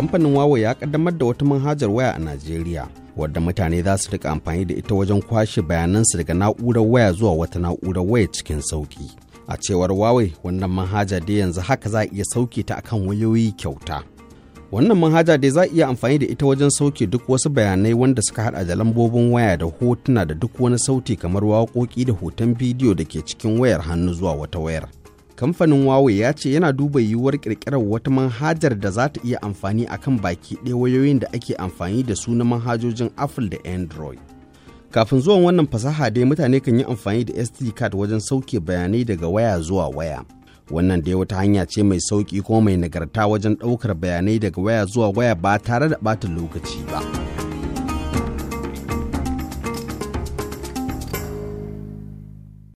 kamfanin wawo ya kaddamar da wata manhajar waya a najeriya wadda mutane za su rika amfani da ita wajen kwashe bayanansu daga na'urar waya zuwa wata na'urar waya cikin sauki a cewar wawai wannan manhaja dai yanzu haka za a iya sauke ta akan wayoyi kyauta wannan manhaja dai za a iya amfani da ita wajen sauke duk wasu bayanai wanda suka hada da lambobin waya da hotuna da duk wani sauti kamar waƙoƙi da hoton bidiyo da ke cikin wayar hannu zuwa wata wayar kamfanin Huawei ya ce yana duba yiwuwar kirkirar wata manhajar da za ta iya amfani a kan baki ɗaya wayoyin da ake amfani da su na manhajojin Apple da Android. Kafin zuwan wannan fasaha dai mutane kan yi amfani da SD card wajen sauke bayanai daga waya zuwa waya. Wannan dai wata hanya ce mai sauki ko mai nagarta wajen ɗaukar bayanai daga waya zuwa waya ba tare da ɓata lokaci ba.